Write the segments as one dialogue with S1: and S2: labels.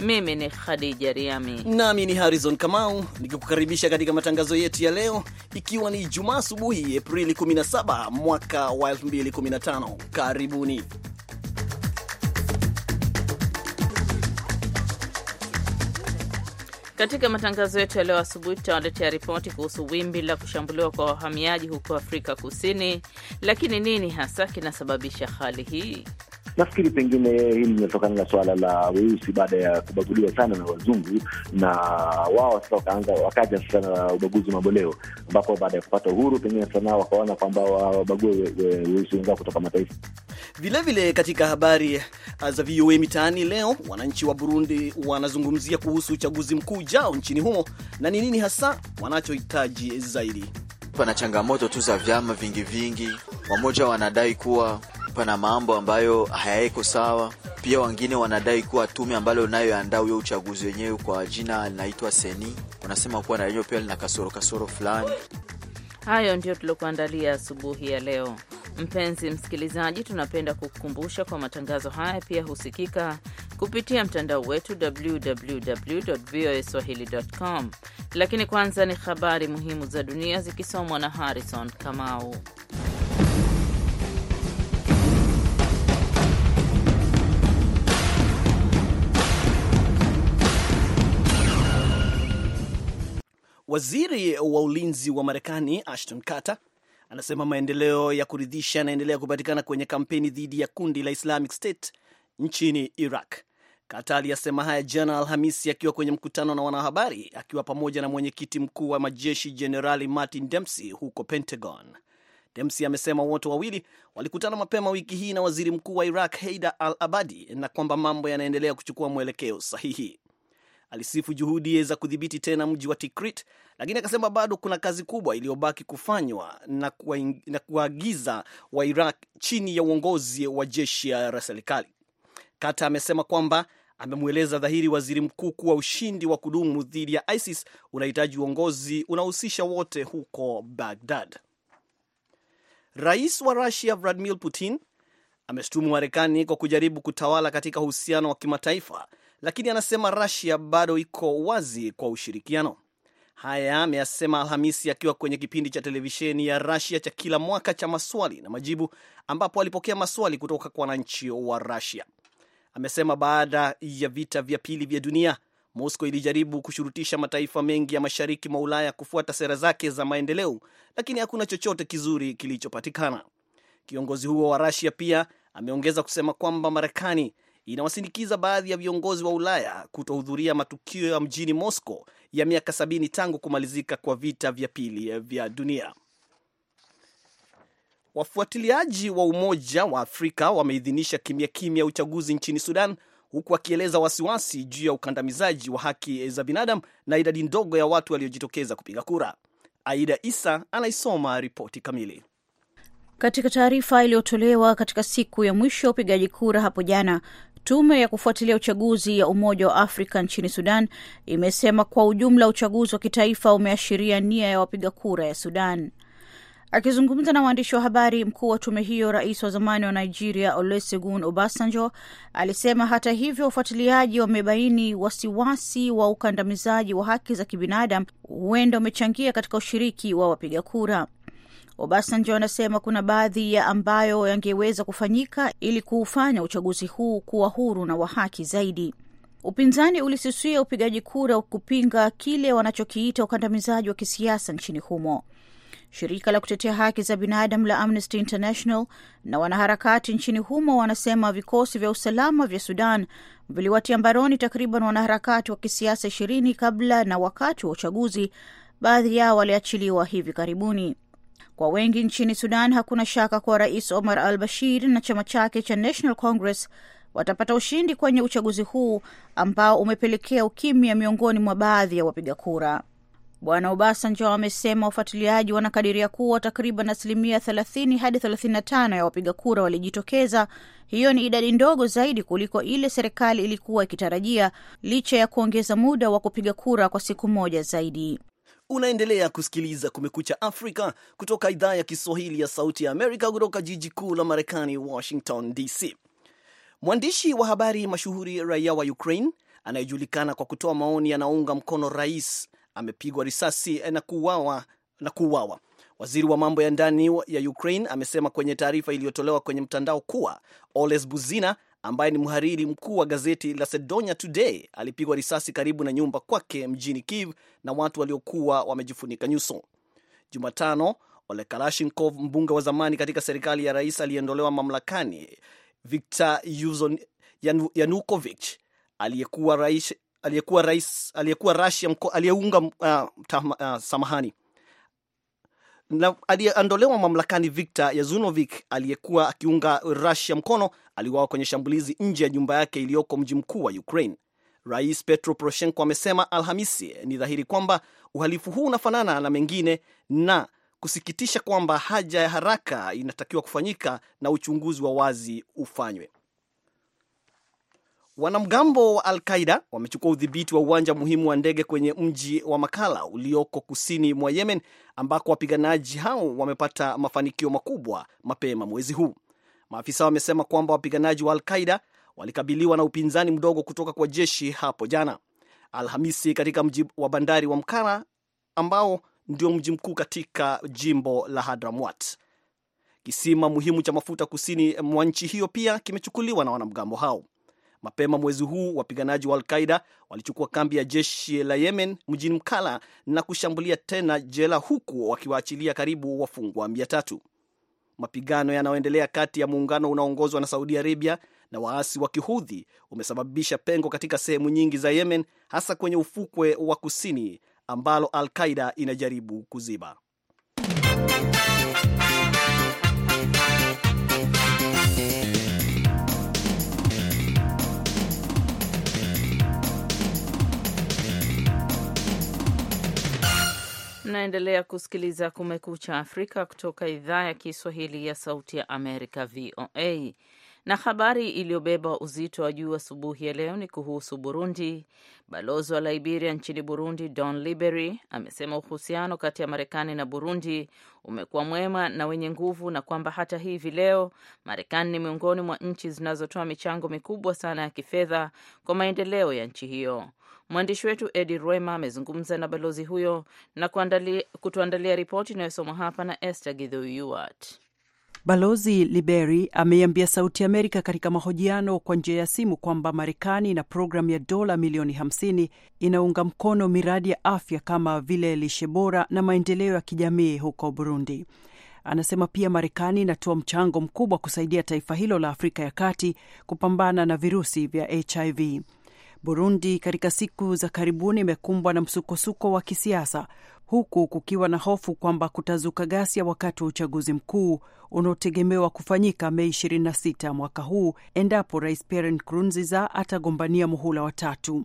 S1: Mimi ni Khadija Riami
S2: nami ni Harrison Kamau nikikukaribisha katika matangazo yetu ya leo, ikiwa ni Jumaa asubuhi Aprili 17 mwaka wa 2015. Karibuni.
S1: Katika matangazo yetu ya leo asubuhi tutawaletea ripoti kuhusu wimbi la kushambuliwa kwa wahamiaji huko Afrika Kusini, lakini nini hasa kinasababisha hali hii?
S3: Nafikiri pengine hili linatokana na suala la weusi baada ya kubaguliwa sana na wazungu, na wao sasa wakaanza wakaja sasa na ubaguzi mamboleo, ambapo baada ya kupata uhuru pengine sasa nao wakaona kwamba wabague weusi wenzao kutoka mataifa.
S2: Vilevile katika habari uh, za VOA Mitaani leo, wananchi wa Burundi wanazungumzia
S4: kuhusu uchaguzi mkuu ujao nchini humo na ni nini hasa wanachohitaji zaidi. Pana changamoto tu za vyama vingi vingi, wamoja wanadai kuwa pana mambo ambayo hayaiko sawa. Pia wengine wanadai kuwa tume ambalo inayoandaa huyo uchaguzi wenyewe kwa jina linaitwa Seni, wanasema kuwa na lenyewe pia lina kasoro kasoro fulani.
S1: Hayo ndiyo tuliokuandalia asubuhi ya leo. Mpenzi msikilizaji, tunapenda kukukumbusha kwa matangazo haya pia husikika kupitia mtandao wetu www.voaswahili.com. Lakini kwanza ni habari muhimu za dunia zikisomwa na Harrison Kamau.
S2: Waziri wa ulinzi wa Marekani Ashton Carter anasema maendeleo ya kuridhisha yanaendelea kupatikana kwenye kampeni dhidi ya kundi la Islamic State nchini Iraq. Kata aliyasema haya jana Alhamisi akiwa kwenye mkutano na wanahabari akiwa pamoja na mwenyekiti mkuu wa majeshi Jenerali Martin Dempsey huko Pentagon. Dempsey amesema wote wawili walikutana mapema wiki hii na waziri mkuu wa Iraq heida al Abadi, na kwamba mambo yanaendelea kuchukua mwelekeo sahihi. Alisifu juhudi za kudhibiti tena mji wa Tikrit, lakini akasema bado kuna kazi kubwa iliyobaki kufanywa na, kuagiza wa Iraq chini ya uongozi wa jeshi la serikali. Kata amesema kwamba amemweleza dhahiri waziri mkuu kuwa ushindi wa kudumu dhidi ya ISIS unahitaji uongozi unahusisha wote huko bagdad Rais wa Rusia Vladimir Putin ameshtumu Marekani kwa kujaribu kutawala katika uhusiano wa kimataifa lakini anasema Russia bado iko wazi kwa ushirikiano. Haya ameyasema Alhamisi akiwa kwenye kipindi cha televisheni ya Russia cha kila mwaka cha maswali na majibu, ambapo alipokea maswali kutoka kwa wananchi wa Russia. Amesema baada ya vita vya pili vya dunia Moscow ilijaribu kushurutisha mataifa mengi ya mashariki mwa Ulaya kufuata sera zake za maendeleo, lakini hakuna chochote kizuri kilichopatikana. Kiongozi huo wa Russia pia ameongeza kusema kwamba Marekani inawasindikiza baadhi ya viongozi wa Ulaya kutohudhuria matukio ya mjini Moscow ya miaka sabini tangu kumalizika kwa vita vya pili vya dunia. Wafuatiliaji wa Umoja wa Afrika wameidhinisha kimya kimya uchaguzi nchini Sudan, huku wakieleza wasiwasi juu ya ukandamizaji wa haki za binadamu na idadi ndogo ya watu waliojitokeza kupiga kura. Aida Isa anaisoma ripoti kamili.
S5: Katika taarifa iliyotolewa katika siku ya mwisho ya upigaji kura hapo jana, Tume ya kufuatilia uchaguzi ya Umoja wa Afrika nchini Sudan imesema kwa ujumla uchaguzi wa kitaifa umeashiria nia ya wapiga kura ya Sudan. Akizungumza na waandishi wa habari, mkuu wa tume hiyo, rais wa zamani wa Nigeria olesegun Obasanjo, alisema hata hivyo, wafuatiliaji wamebaini wasiwasi wa ukandamizaji wa haki za kibinadamu huenda umechangia katika ushiriki wa wapiga kura. Obasanjo anasema kuna baadhi ya ambayo yangeweza kufanyika ili kuufanya uchaguzi huu kuwa huru na wa haki zaidi. Upinzani ulisusia upigaji kura kupinga kile wanachokiita ukandamizaji wa kisiasa nchini humo. Shirika la kutetea haki za binadamu la Amnesty International na wanaharakati nchini humo wanasema vikosi vya usalama vya Sudan viliwatia mbaroni takriban wanaharakati wa kisiasa ishirini kabla na wakati wa uchaguzi. Baadhi yao waliachiliwa hivi karibuni. Kwa wengi nchini Sudan, hakuna shaka kuwa Rais Omar al Bashir na chama chake cha National Congress watapata ushindi kwenye uchaguzi huu ambao umepelekea ukimya miongoni mwa baadhi ya wapiga kura. Bwana Obasanjo amesema wafuatiliaji wanakadiria kuwa takriban asilimia 30 hadi 35 ya wapiga kura walijitokeza. Hiyo ni idadi ndogo zaidi kuliko ile serikali ilikuwa ikitarajia, licha ya kuongeza muda wa kupiga kura kwa siku moja zaidi.
S2: Unaendelea kusikiliza Kumekucha Afrika kutoka idhaa ya Kiswahili ya Sauti ya Amerika, kutoka jiji kuu la Marekani, Washington DC. Mwandishi wa habari mashuhuri raia wa Ukraine anayejulikana kwa kutoa maoni yanaounga mkono rais amepigwa risasi na kuuawa na kuuawa. Waziri wa mambo ya ndani ya Ukraine amesema kwenye taarifa iliyotolewa kwenye mtandao kuwa Oles Buzina ambaye ni mhariri mkuu wa gazeti la Sedonia Today alipigwa risasi karibu na nyumba kwake mjini Kiev na watu waliokuwa wamejifunika nyuso Jumatano. Ole Kalashnikov, mbunge wa zamani katika serikali ya rais aliyeondolewa mamlakani Viktor yanukovich aliyekuwa rais aliyeunga uh, uh, samahani na aliyeondolewa mamlakani Viktor Yazunovik aliyekuwa akiunga rasia mkono aliuawa kwenye shambulizi nje ya nyumba yake iliyoko mji mkuu wa Ukraine. Rais Petro Poroshenko amesema Alhamisi ni dhahiri kwamba uhalifu huu unafanana na mengine na kusikitisha kwamba haja ya haraka inatakiwa kufanyika na uchunguzi wa wazi ufanywe. Wanamgambo wa Al-Qaida wamechukua udhibiti wa uwanja muhimu wa ndege kwenye mji wa Makala ulioko kusini mwa Yemen, ambako wapiganaji hao wamepata mafanikio makubwa mapema mwezi huu. Maafisa wamesema kwamba wapiganaji wa Al-Qaida walikabiliwa na upinzani mdogo kutoka kwa jeshi hapo jana Alhamisi katika mji wa bandari wa Mkara ambao ndio mji mkuu katika jimbo la Hadramwat. Kisima muhimu cha mafuta kusini mwa nchi hiyo pia kimechukuliwa na wanamgambo hao. Mapema mwezi huu wapiganaji wa Alqaida walichukua kambi ya jeshi la Yemen mjini Mkala na kushambulia tena jela huku wakiwaachilia karibu wafungwa mia tatu. Mapigano yanayoendelea kati ya muungano unaoongozwa na Saudi Arabia na waasi wa Kihudhi umesababisha pengo katika sehemu nyingi za Yemen, hasa kwenye ufukwe wa kusini ambalo Alqaida inajaribu kuziba.
S1: Mnaendelea kusikiliza Kumekucha Afrika kutoka idhaa ya Kiswahili ya Sauti ya Amerika, VOA. Na habari iliyobeba uzito wa juu asubuhi ya leo ni kuhusu Burundi. Balozi wa Liberia nchini Burundi, Don Libery, amesema uhusiano kati ya Marekani na Burundi umekuwa mwema na wenye nguvu, na kwamba hata hivi leo Marekani ni miongoni mwa nchi zinazotoa michango mikubwa sana ya kifedha kwa maendeleo ya nchi hiyo. Mwandishi wetu Edi Rwema amezungumza na balozi huyo na kutuandalia ripoti inayosomwa hapa na Esther Gidhyuat.
S6: Balozi Liberi ameiambia Sauti Amerika katika mahojiano kwa njia ya simu kwamba Marekani ina programu ya dola milioni 50 inaunga mkono miradi ya afya kama vile lishe bora na maendeleo ya kijamii huko Burundi. Anasema pia Marekani inatoa mchango mkubwa kusaidia taifa hilo la Afrika ya Kati kupambana na virusi vya HIV. Burundi katika siku za karibuni imekumbwa na msukosuko wa kisiasa huku kukiwa na hofu kwamba kutazuka ghasia wakati wa uchaguzi mkuu unaotegemewa kufanyika Mei 26 mwaka huu endapo Rais Pierre Nkurunziza atagombania muhula wa tatu.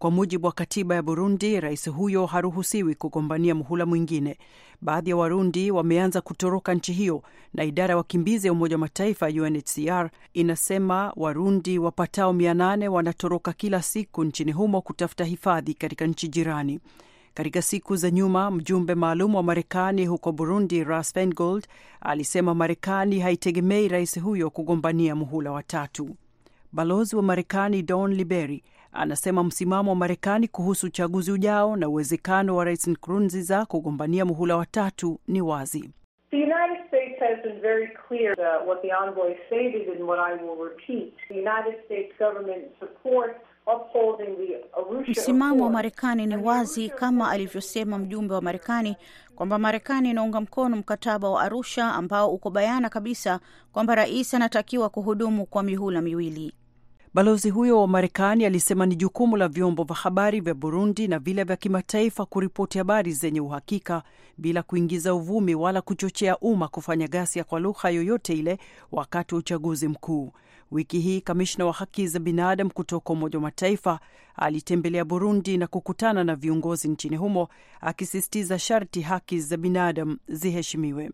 S6: Kwa mujibu wa katiba ya Burundi, rais huyo haruhusiwi kugombania muhula mwingine. Baadhi ya Warundi wameanza kutoroka nchi hiyo, na idara ya wakimbizi ya Umoja wa Mataifa UNHCR inasema Warundi wapatao 8 wanatoroka kila siku nchini humo kutafuta hifadhi katika nchi jirani. Katika siku za nyuma mjumbe maalum wa Marekani huko Burundi, Russ Feingold, alisema Marekani haitegemei rais huyo kugombania muhula wa tatu. Balozi wa Marekani Don Liberi anasema msimamo wa Marekani kuhusu uchaguzi ujao na uwezekano wa Rais Nkurunziza kugombania muhula wa tatu ni wazi.
S5: Msimamo wa Marekani ni wazi kama alivyosema mjumbe wa Marekani kwamba Marekani inaunga mkono mkataba wa Arusha ambao uko bayana kabisa kwamba rais anatakiwa kuhudumu
S6: kwa mihula miwili. Balozi huyo wa Marekani alisema ni jukumu la vyombo vya habari vya Burundi na vile vya kimataifa kuripoti habari zenye uhakika bila kuingiza uvumi wala kuchochea umma kufanya ghasia kwa lugha yoyote ile wakati wa uchaguzi mkuu. Wiki hii kamishna wa haki za binadamu kutoka Umoja wa Mataifa alitembelea Burundi na kukutana na viongozi nchini humo akisisitiza sharti haki za binadamu ziheshimiwe.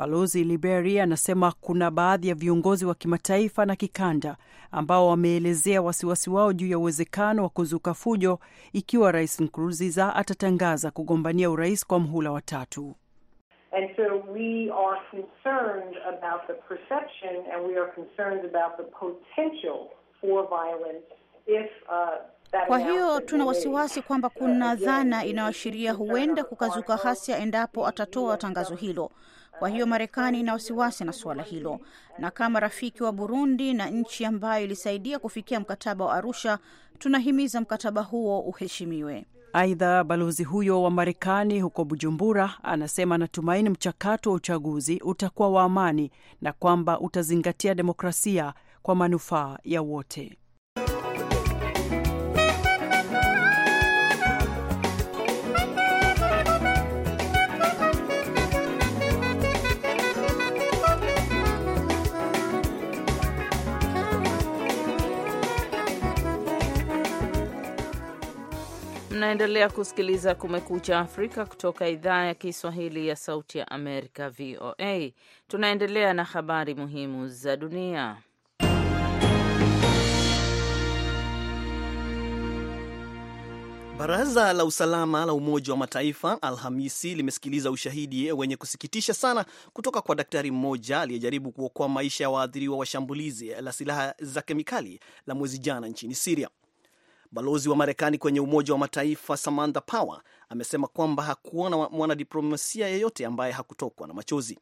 S6: Balozi Liberi anasema kuna baadhi ya viongozi wa kimataifa na kikanda ambao wameelezea wasiwasi wao juu ya uwezekano wa kuzuka fujo ikiwa Rais Nkurunziza atatangaza kugombania urais kwa mhula wa tatu.
S7: Uh, kwa hiyo tuna wasiwasi
S5: kwamba uh, kuna dhana inayoashiria huenda kukazuka ghasia endapo atatoa tangazo hilo. Kwa hiyo Marekani ina wasiwasi na suala hilo, na kama rafiki wa Burundi na nchi ambayo ilisaidia kufikia mkataba wa Arusha, tunahimiza mkataba huo
S6: uheshimiwe. Aidha, balozi huyo wa Marekani huko Bujumbura anasema anatumaini mchakato wa uchaguzi utakuwa wa amani na kwamba utazingatia demokrasia kwa manufaa ya wote.
S1: Mnaendelea kusikiliza Kumekucha Afrika kutoka idhaa ya Kiswahili ya Sauti ya Amerika, VOA. Tunaendelea na habari muhimu za dunia.
S2: Baraza la usalama la Umoja wa Mataifa Alhamisi limesikiliza ushahidi wenye kusikitisha sana kutoka kwa daktari mmoja aliyejaribu kuokoa maisha ya waathiriwa wa shambulizi la silaha za kemikali la mwezi jana nchini Siria. Balozi wa Marekani kwenye Umoja wa Mataifa Samantha Power amesema kwamba hakuona mwanadiplomasia yeyote ambaye hakutokwa na machozi.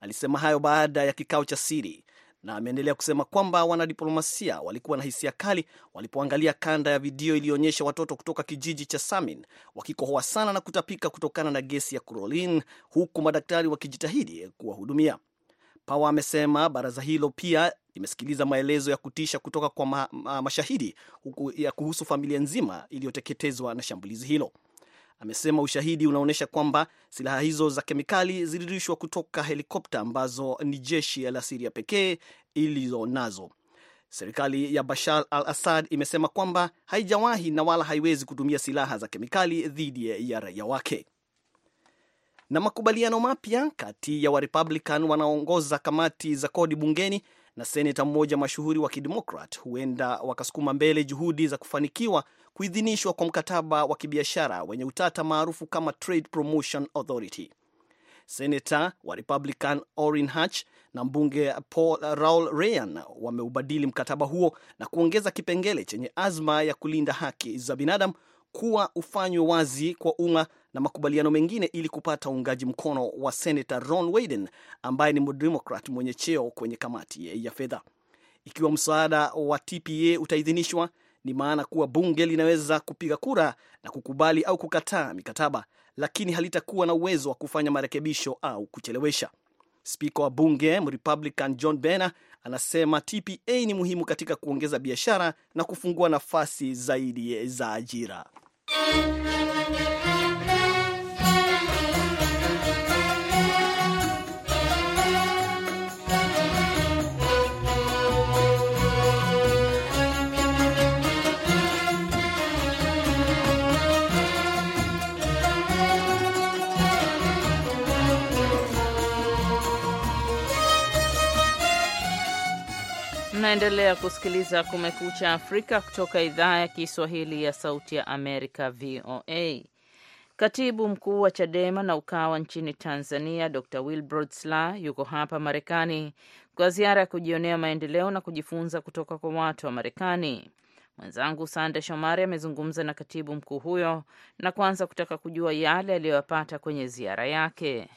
S2: Alisema hayo baada ya kikao cha siri na ameendelea kusema kwamba wanadiplomasia walikuwa na hisia kali walipoangalia kanda ya video iliyoonyesha watoto kutoka kijiji cha Samin wakikohoa sana na kutapika kutokana na gesi ya krolin, huku madaktari wakijitahidi kuwahudumia. Pawa amesema baraza hilo pia limesikiliza maelezo ya kutisha kutoka kwa ma ma mashahidi huku ya kuhusu familia nzima iliyoteketezwa na shambulizi hilo. Amesema ushahidi unaonyesha kwamba silaha hizo za kemikali zilirushwa kutoka helikopta ambazo ni jeshi la Siria pekee ilizo nazo. Serikali ya Bashar al Assad imesema kwamba haijawahi na wala haiwezi kutumia silaha za kemikali dhidi ya raia wake na makubaliano mapya kati ya Warepublican wanaoongoza kamati za kodi bungeni na seneta mmoja mashuhuri wa Kidemokrat huenda wakasukuma mbele juhudi za kufanikiwa kuidhinishwa kwa mkataba wa kibiashara wenye utata maarufu kama Trade Promotion Authority. Seneta wa Republican Orrin Hatch na mbunge Paul Raul Ryan wameubadili mkataba huo na kuongeza kipengele chenye azma ya kulinda haki za binadamu kuwa ufanywe wazi kwa umma na makubaliano mengine ili kupata uungaji mkono wa senata Ron Wyden ambaye ni mdemokrat mwenye cheo kwenye kamati ya fedha. Ikiwa msaada wa TPA utaidhinishwa, ni maana kuwa bunge linaweza kupiga kura na kukubali au kukataa mikataba, lakini halitakuwa na uwezo wa kufanya marekebisho au kuchelewesha. Spika wa bunge Mrepublican John Boehner anasema TPA ni muhimu katika kuongeza biashara na kufungua nafasi zaidi za ajira.
S4: Música
S1: Mnaendelea kusikiliza Kumekucha Afrika kutoka idhaa ya Kiswahili ya Sauti ya Amerika, VOA. Katibu mkuu wa CHADEMA na UKAWA nchini Tanzania, Dr Wilbrod Slaa yuko hapa Marekani kwa ziara ya kujionea maendeleo na kujifunza kutoka kwa watu wa Marekani. Mwenzangu Sande Shomari amezungumza na katibu mkuu huyo na kwanza kutaka kujua yale aliyoyapata kwenye ziara yake.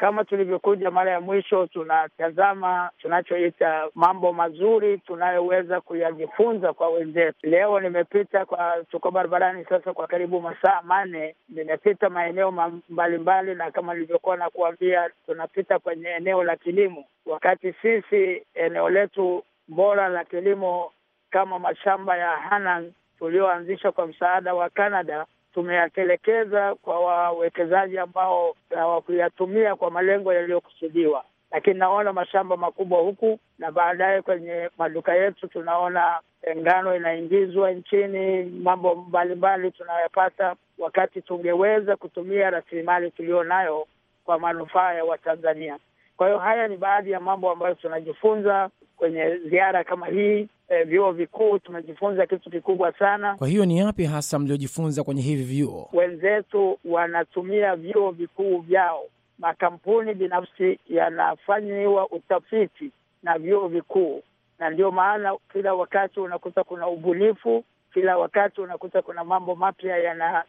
S7: Kama tulivyokuja mara ya mwisho, tunatazama tunachoita mambo mazuri tunayoweza kuyajifunza kwa wenzetu. Leo nimepita kwa, tuko barabarani sasa kwa karibu masaa manne, nimepita maeneo mbalimbali mbali, na kama nilivyokuwa nakuambia, tunapita kwenye eneo la kilimo, wakati sisi eneo letu bora la kilimo kama mashamba ya Hanang tulioanzisha kwa msaada wa Canada tumeyatelekeza kwa wawekezaji ambao hawakuyatumia kwa malengo yaliyokusudiwa, lakini naona mashamba makubwa huku na baadaye kwenye maduka yetu tunaona ngano inaingizwa nchini, mambo mbalimbali tunayopata, wakati tungeweza kutumia rasilimali tuliyo nayo kwa manufaa ya Watanzania. Kwa hiyo haya ni baadhi ya mambo ambayo tunajifunza kwenye ziara kama hii e, vyuo vikuu tumejifunza kitu kikubwa sana.
S8: Kwa hiyo ni yapi hasa mliojifunza
S7: kwenye hivi vyuo? Wenzetu wanatumia vyuo vikuu vyao, makampuni binafsi yanafanyiwa utafiti na vyuo vikuu, na ndio maana kila wakati unakuta kuna ubunifu, kila wakati unakuta kuna mambo mapya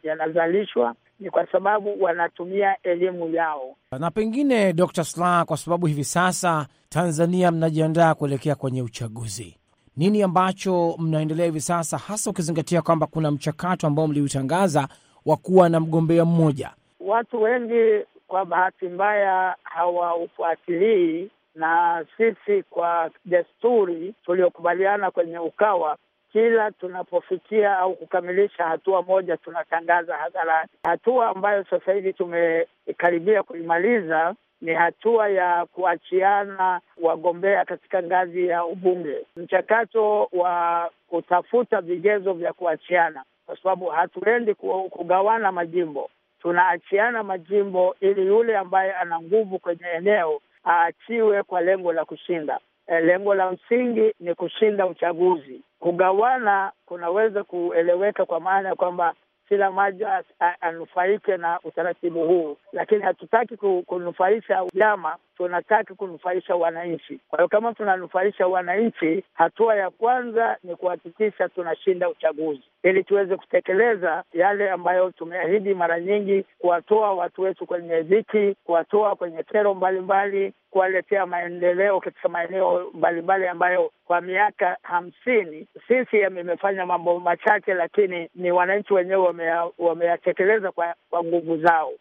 S7: yanazalishwa, yana ni kwa sababu wanatumia elimu yao. Na pengine
S8: Dr. sla kwa sababu hivi sasa Tanzania mnajiandaa kuelekea kwenye uchaguzi, nini ambacho mnaendelea hivi sasa, hasa ukizingatia kwamba kuna mchakato ambao mliutangaza
S7: wa kuwa na mgombea mmoja? Watu wengi kwa bahati mbaya hawaufuatilii, na sisi kwa desturi tuliokubaliana kwenye Ukawa kila tunapofikia au kukamilisha hatua moja tunatangaza hadharani. Hatua ambayo sasa hivi tumekaribia kuimaliza ni hatua ya kuachiana wagombea katika ngazi ya ubunge, mchakato wa kutafuta vigezo vya kuachiana, kwa sababu hatuendi kugawana majimbo, tunaachiana majimbo ili yule ambaye ana nguvu kwenye eneo aachiwe kwa lengo la kushinda. Eh, lengo la msingi ni kushinda uchaguzi. Kugawana kunaweza kueleweka kwa maana ya kwamba kila mmoja anufaike na utaratibu huu, lakini hatutaki kunufaisha vyama tunataka kunufaisha wananchi. Kwa hiyo kama tunanufaisha wananchi, hatua ya kwanza ni kuhakikisha tunashinda uchaguzi ili tuweze kutekeleza yale ambayo tumeahidi mara nyingi, kuwatoa watu wetu kwenye dhiki, kuwatoa kwenye kero mbalimbali, kuwaletea maendeleo katika maeneo mbalimbali ambayo kwa miaka hamsini CCM imefanya mambo machache, lakini ni wananchi wenyewe wameyatekeleza kwa, kwa nguvu zao.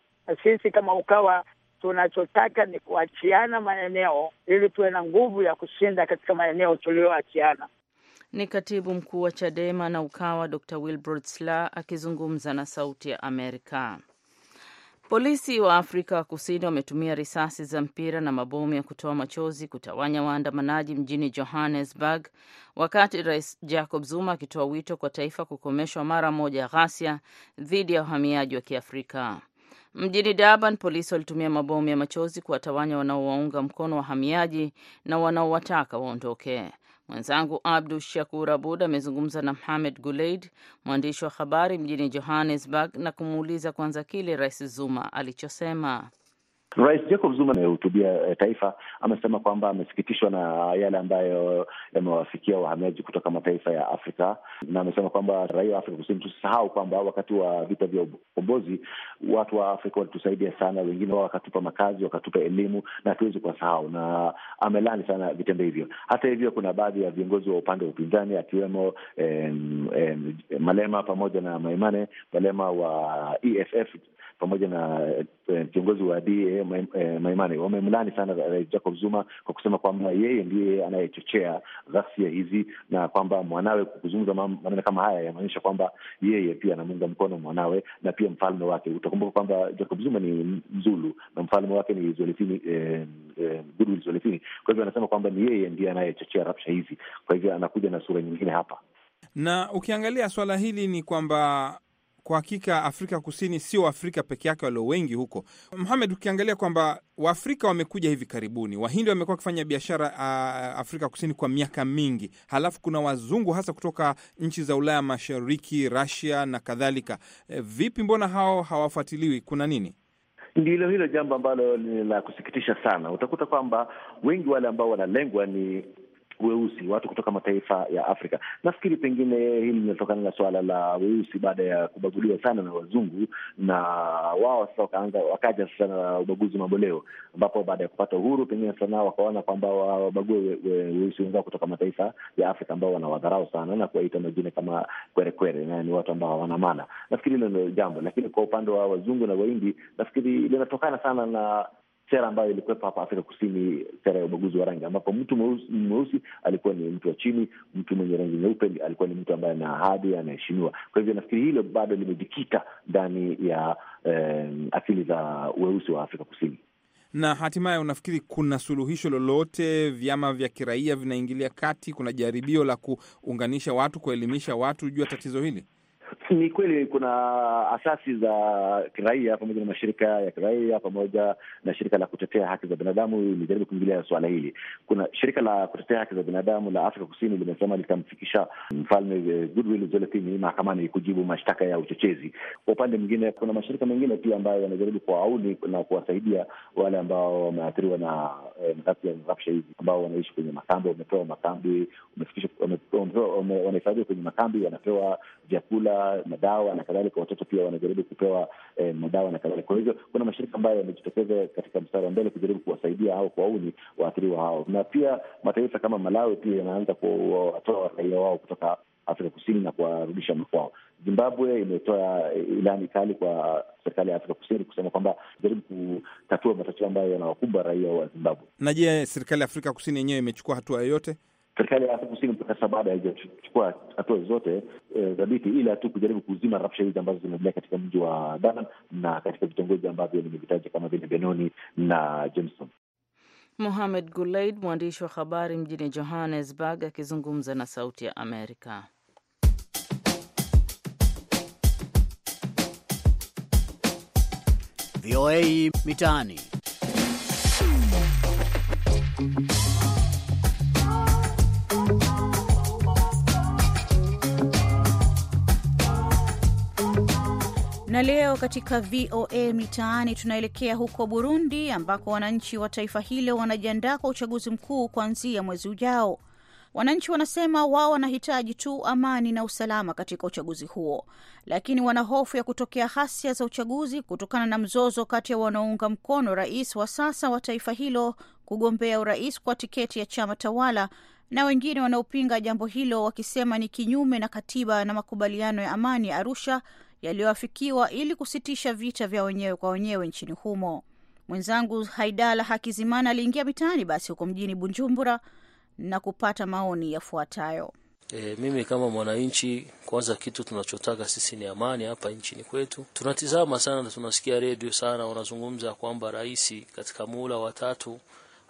S7: Sisi kama UKAWA tunachotaka ni kuachiana maeneo ili tuwe na nguvu ya kushinda katika maeneo tuliyoachiana.
S1: Ni katibu mkuu wa Chadema na Ukawa Dr. Wilbrod akizungumza na Sauti ya Amerika. Polisi wa Afrika Kusini wametumia risasi za mpira na mabomu ya kutoa machozi kutawanya waandamanaji mjini Johannesburg, wakati Rais Jacob Zuma akitoa wito kwa taifa kukomeshwa mara moja ghasia dhidi ya uhamiaji wa Kiafrika. Mjini Durban, polisi walitumia mabomu ya machozi kuwatawanya wanaowaunga mkono wahamiaji na wanaowataka waondoke. Mwenzangu Abdu Shakur Abud amezungumza na Mohamed Guleid, mwandishi wa habari mjini Johannesburg, na kumuuliza kwanza kile Rais Zuma alichosema.
S3: Rais Jacob Zuma amehutubia eh, taifa, amesema kwamba amesikitishwa na yale ambayo yamewafikia wahamiaji kutoka mataifa ya Afrika, na amesema kwamba raia wa Afrika Kusini, tusisahau kwamba wakati wa vita vya ukombozi watu wa Afrika walitusaidia sana, wengine wao wakatupa makazi, wakatupa elimu, na hatuwezi kuwasahau, na amelani sana vitendo hivyo. Hata hivyo, kuna baadhi ya viongozi wa upande wa upinzani akiwemo em, em, Malema pamoja na Maimane Malema wa EFF pamoja na eh, kiongozi wa DA eh, eh, Maimane wamemlani sana Rais Jacob Zuma kwa kusema kwamba yeye ndiye anayechochea ghasia hizi na kwamba mwanawe kuzungumza maneno kama haya yanaonyesha kwamba yeye pia anamuunga mkono mwanawe na pia mfalme wake. Utakumbuka kwamba Jacob Zuma ni Mzulu na mfalme wake ni Zwelithini, eh, eh, Goodwill Zwelithini. Kwa hivyo anasema kwamba ni yeye ndiye anayechochea rabsha hizi, kwa hivyo anakuja na sura nyingine hapa
S9: na ukiangalia swala hili ni kwamba kwa hakika Afrika Kusini sio Waafrika peke yake walio wengi huko. Mohamed, ukiangalia kwamba Waafrika wamekuja hivi karibuni, Wahindi wamekuwa wakifanya biashara Afrika Kusini kwa miaka mingi, halafu kuna wazungu hasa kutoka nchi za Ulaya Mashariki, Rasia na kadhalika. E, vipi, mbona hao hawafuatiliwi? Kuna nini?
S3: Ndilo hilo jambo ambalo ni la kusikitisha sana. Utakuta kwamba wengi wale ambao wanalengwa ni weusi, watu kutoka mataifa ya Afrika. Nafikiri pengine hili linatokana na suala la weusi baada ya kubaguliwa sana na wazungu, na wao sasa wakaanza wakaja sasa na ubaguzi maboleo, ambapo baada ya kupata uhuru pengine sasa nao wakaona kwamba wabague weusi wenzao kutoka mataifa ya Afrika ambao wanawadharau sana na kuwaita majina kama kwerekwere, na ni watu ambao hawana maana. Nafikiri hilo ndio jambo, lakini kwa upande wa wazungu na Wahindi nafikiri linatokana sana na sera ambayo ilikuwepo hapa Afrika Kusini, sera ya ubaguzi wa rangi, ambapo mtu mweusi alikuwa ni mtu wa chini, mtu mwenye rangi nyeupe alikuwa ni mtu ambaye ana ahadi, anaheshimiwa. Kwa hivyo nafikiri hilo bado limejikita ndani ya eh, asili za weusi wa Afrika Kusini.
S9: Na hatimaye, unafikiri kuna suluhisho lolote? Vyama vya kiraia vinaingilia kati? Kuna jaribio la kuunganisha watu, kuelimisha watu juu ya tatizo hili?
S3: Ni kweli kuna asasi za kiraia pamoja na mashirika ya kiraia pamoja na shirika la kutetea haki za binadamu limejaribu kuingilia suala hili. Kuna shirika la kutetea haki za binadamu la Afrika Kusini limesema litamfikisha mfalme eh, Goodwill Zwelithini mahakamani kujibu mashtaka ya uchochezi. Kwa upande mwingine, kuna mashirika mengine pia ambayo yanajaribu kuwaauni na kuwasaidia wale ambao wameathiriwa na eh, rabsha hizi, ambao wanaishi kwenye makambi, wamepewa makambi, wamehifadhiwa kwenye makambi, wanapewa vyakula Eh, madawa na kadhalika, watoto pia wanajaribu kupewa eh, madawa na kadhalika. Kwa hivyo kuna mashirika ambayo yamejitokeza katika mstari wa mbele kujaribu kuwasaidia au kuwauni waathiriwa hao, na pia mataifa kama Malawi pia yanaanza kuwatoa raia wao kutoka Afrika Kusini na kuwarudisha makwao. Zimbabwe imetoa eh, ilani kali kwa serikali ya Afrika Kusini kusema kwamba jaribu kutatua matatizo ambayo yanawakumba raia wa Zimbabwe.
S9: Na je, serikali ya Afrika Kusini yenyewe imechukua hatua yoyote? serikali ya Afrika Kusini mpaka
S3: sasa bado haijachukua hatua zote eh, dhabiti ila tu kujaribu kuzima rabsha hizi ambazo zinaendelea katika mji wa Durban na katika vitongoji ambavyo nimevitaja kama vile Benoni na Jameson.
S1: Mohamed Gulaid, mwandishi wa habari mjini Johannesburg, akizungumza na Sauti ya Amerika. VOA Mitaani.
S5: Na leo katika VOA Mitaani tunaelekea huko Burundi, ambako wananchi wa taifa hilo wanajiandaa kwa uchaguzi mkuu kuanzia mwezi ujao. Wananchi wanasema wao wanahitaji tu amani na usalama katika uchaguzi huo, lakini wana hofu ya kutokea ghasia za uchaguzi kutokana na mzozo kati ya wanaounga mkono rais wa sasa wa taifa hilo kugombea urais kwa tiketi ya chama tawala na wengine wanaopinga jambo hilo wakisema ni kinyume na katiba na makubaliano ya amani ya Arusha yaliyoafikiwa ili kusitisha vita vya wenyewe kwa wenyewe nchini humo. Mwenzangu Haidala Hakizimana aliingia mitaani basi huko mjini bunjumbura na kupata maoni yafuatayo.
S9: E, mimi kama mwananchi, kwanza kitu tunachotaka sisi ni amani hapa nchini kwetu. Tunatizama sana na tunasikia redio sana, wanazungumza kwamba rahisi katika muhula watatu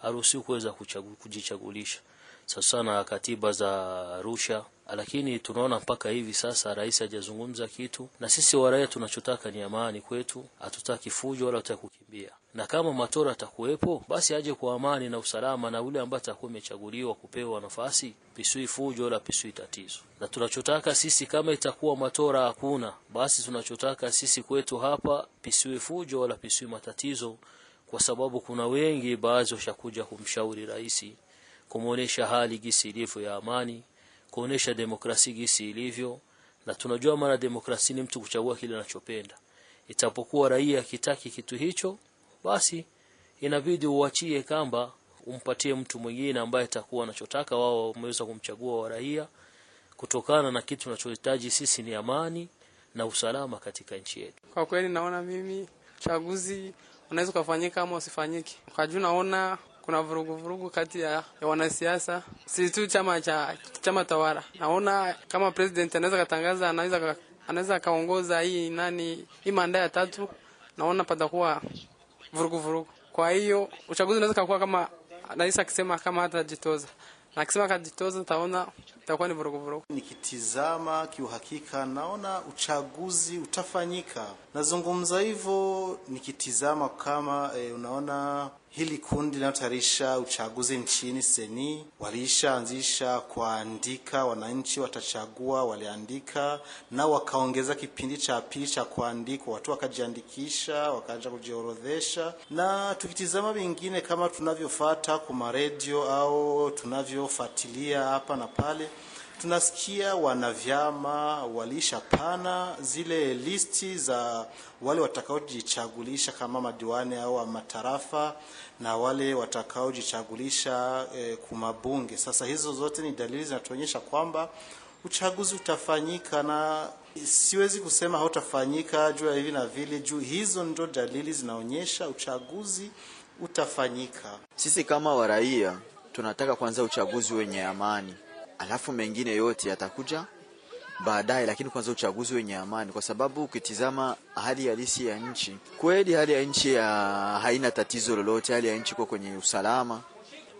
S9: haruhusiwi kuweza kujichagulisha sasa na katiba za Arusha, lakini tunaona mpaka hivi sasa rais hajazungumza kitu, na sisi waraia tunachotaka ni amani kwetu, hatutaki fujo wala hatutaki kukimbia, na kama Matora atakuwepo basi aje kwa amani na usalama, na ule ambaye atakuwa amechaguliwa kupewa nafasi, pisui fujo wala pisui tatizo. Na tunachotaka sisi kama itakuwa Matora hakuna, basi tunachotaka sisi kwetu hapa pisui fujo wala pisui matatizo, kwa sababu kuna wengi, baadhi washakuja kumshauri rais kumwonyesha hali gisi ilivyo ya amani, kuonesha demokrasi gisi ilivyo, na tunajua maana demokrasi ni mtu kuchagua kile anachopenda. Itapokuwa raia akitaki kitu hicho, basi inabidi uachie kamba, umpatie mtu mwingine ambaye atakuwa anachotaka. Wao wameweza kumchagua wa raia kutokana na kitu tunachohitaji sisi ni amani na usalama katika nchi
S8: yetu. Kwa kweli, naona mimi uchaguzi unaweza kufanyika ama usifanyike, kwa juu naona kuna vurugu vurugu kati ya, ya wanasiasa, si tu chama cha chama tawala. Naona kama president anaweza katangaza, anaweza anaweza kaongoza hii nani hii manda ya tatu, naona patakuwa vurugu vurugu. Kwa hiyo uchaguzi unaweza kakuwa kama rais akisema kama hata jitoza na akisema kajitoza, taona itakuwa ni vurugu vurugu. Nikitizama kiuhakika, naona uchaguzi utafanyika Nazungumza hivyo nikitizama kama e, unaona hili kundi linalotayarisha uchaguzi nchini seni walishaanzisha kuandika wananchi watachagua, waliandika na wakaongeza kipindi cha pili cha kuandikwa, watu wakajiandikisha, wakaanza kujiorodhesha. Na tukitizama vingine kama tunavyofuata kwa maredio au tunavyofuatilia hapa na pale tunasikia wanavyama walishapana zile listi za wale watakaojichagulisha kama madiwani au matarafa na wale watakaojichagulisha e, kumabunge. Sasa hizo zote ni dalili zinatuonyesha kwamba uchaguzi utafanyika na siwezi kusema hautafanyika juu ya hivi na vile, juu hizo ndo dalili zinaonyesha uchaguzi utafanyika.
S4: Sisi kama waraia tunataka kwanza uchaguzi wenye amani alafu mengine yote yatakuja baadaye, lakini kwanza uchaguzi wenye amani, kwa sababu ukitizama hali halisi ya nchi kweli, hali ya nchi ya haina tatizo lolote, hali ya nchi kwa kwenye usalama,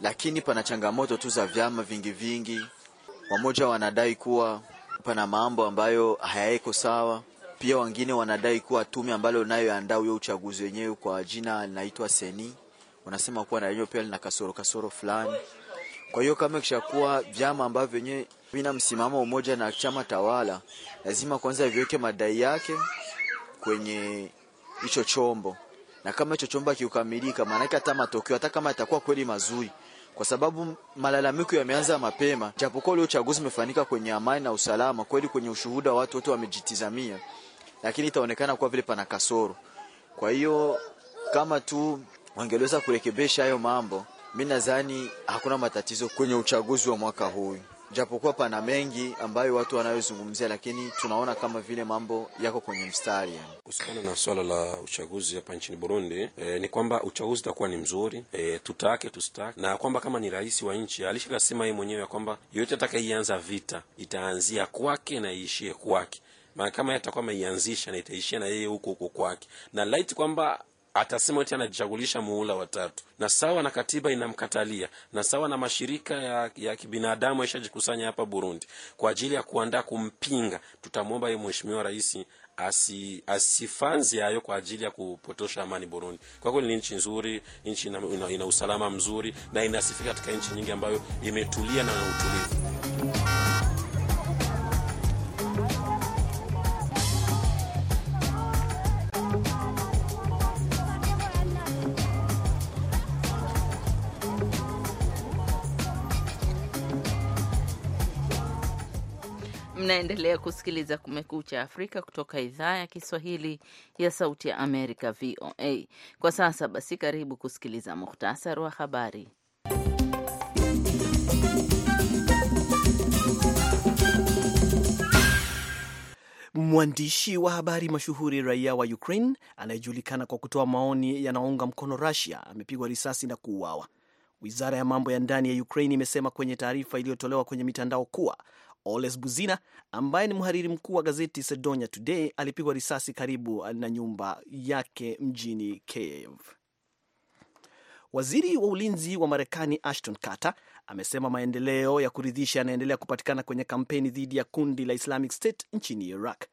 S4: lakini pana changamoto tu za vyama vingi vingi. Wamoja wanadai kuwa pana mambo ambayo hayaiko sawa, pia wengine wanadai kuwa tume ambalo nayoandaa huyo uchaguzi wenyewe kwa jina linaitwa Seni, wanasema kuwa na yenyewe pia lina kasoro kasoro fulani. Kwa hiyo kama kishakuwa vyama ambavyo vyenye vina msimamo umoja na chama tawala, lazima kwanza viweke madai yake kwenye hicho chombo, na kama hicho chombo kiukamilika, maanake hata matokeo hata kama yatakuwa kweli mazuri, kwa sababu malalamiko yameanza mapema, japokuwa leo uchaguzi umefanyika kwenye amani na usalama kweli, kwenye ushuhuda watu wote wamejitizamia, lakini itaonekana kuwa vile pana kasoro. Kwa hiyo kama tu wangeweza kurekebisha hayo mambo mi nadhani hakuna matatizo kwenye uchaguzi wa mwaka huu, japokuwa pana mengi ambayo watu wanayozungumzia, lakini tunaona kama vile mambo yako kwenye mstari. Kuhusiana na
S9: swala la uchaguzi hapa nchini Burundi, e, ni kwamba uchaguzi utakuwa ni mzuri, e, tutake tusitake, na kwamba kama ni rais wa nchi alishakasema yeye mwenyewe ya kwamba yote atakayeanza vita itaanzia kwake na iishie kwake. Mahakama atakuwa ameianzisha na itaishia na yeye huko huko kwake, na laiti kwamba atasema ti anajichagulisha muhula watatu, na sawa na katiba inamkatalia, na sawa na mashirika ya, ya kibinadamu aishajikusanya hapa Burundi kwa ajili ya kuandaa kumpinga. Tutamwomba ye mheshimiwa rais asi, asifanzi hayo kwa ajili ya kupotosha amani Burundi. Kwa kweli ni nchi nzuri, nchi ina, ina, ina usalama mzuri na inasifika katika nchi nyingi ambayo imetulia na utulivu.
S1: Mnaendelea kusikiliza Kumekucha Afrika kutoka idhaa ya Kiswahili ya Sauti ya Amerika, VOA. Kwa sasa basi, karibu kusikiliza muhtasari wa habari.
S2: Mwandishi wa habari mashuhuri raia wa Ukraine anayejulikana kwa kutoa maoni yanaounga mkono rusia amepigwa risasi na kuuawa. Wizara ya mambo ya ndani ya Ukraine imesema kwenye taarifa iliyotolewa kwenye mitandao kuwa Oles Buzina ambaye ni mhariri mkuu wa gazeti Sedonia Today alipigwa risasi karibu na nyumba yake mjini Kiev. Waziri wa ulinzi wa Marekani Ashton Carter amesema maendeleo ya kuridhisha yanaendelea kupatikana kwenye kampeni dhidi ya kundi la Islamic State nchini Iraq.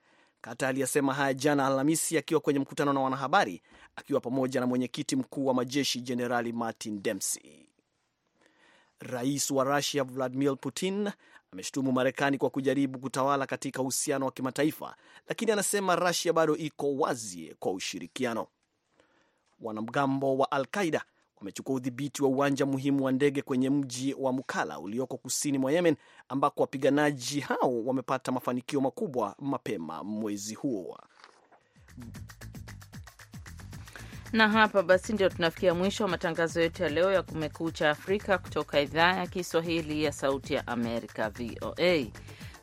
S2: Carter aliyesema haya jana Alhamisi akiwa kwenye mkutano na wanahabari akiwa pamoja na mwenyekiti mkuu wa majeshi Jenerali Martin Dempsey. Rais wa Rusia Vladimir Putin ameshutumu Marekani kwa kujaribu kutawala katika uhusiano wa kimataifa, lakini anasema rasia bado iko wazi kwa ushirikiano. Wanamgambo wa Al-Qaida wamechukua udhibiti wa uwanja muhimu wa ndege kwenye mji wa mkala ulioko kusini mwa Yemen, ambako wapiganaji hao wamepata mafanikio makubwa mapema mwezi huo.
S1: Na hapa basi ndio tunafikia mwisho wa matangazo yetu ya leo ya Kumekucha Afrika kutoka idhaa ya Kiswahili ya Sauti ya Amerika, VOA.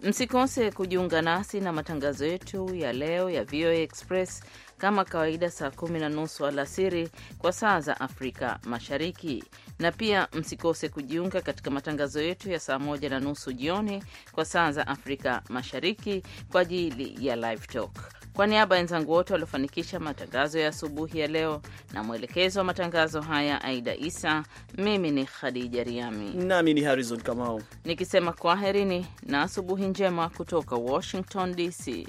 S1: Msikose kujiunga nasi na matangazo yetu ya leo ya VOA Express kama kawaida, saa kumi na nusu alasiri kwa saa za Afrika Mashariki, na pia msikose kujiunga katika matangazo yetu ya saa moja na nusu jioni kwa saa za Afrika Mashariki kwa ajili ya Live Talk. Kwa niaba ya wenzangu wote waliofanikisha matangazo ya asubuhi ya leo na mwelekezo wa matangazo haya Aida Isa, mimi ni Khadija Riami nami ni Harrison Kamau nikisema kwaherini na asubuhi njema kutoka Washington DC.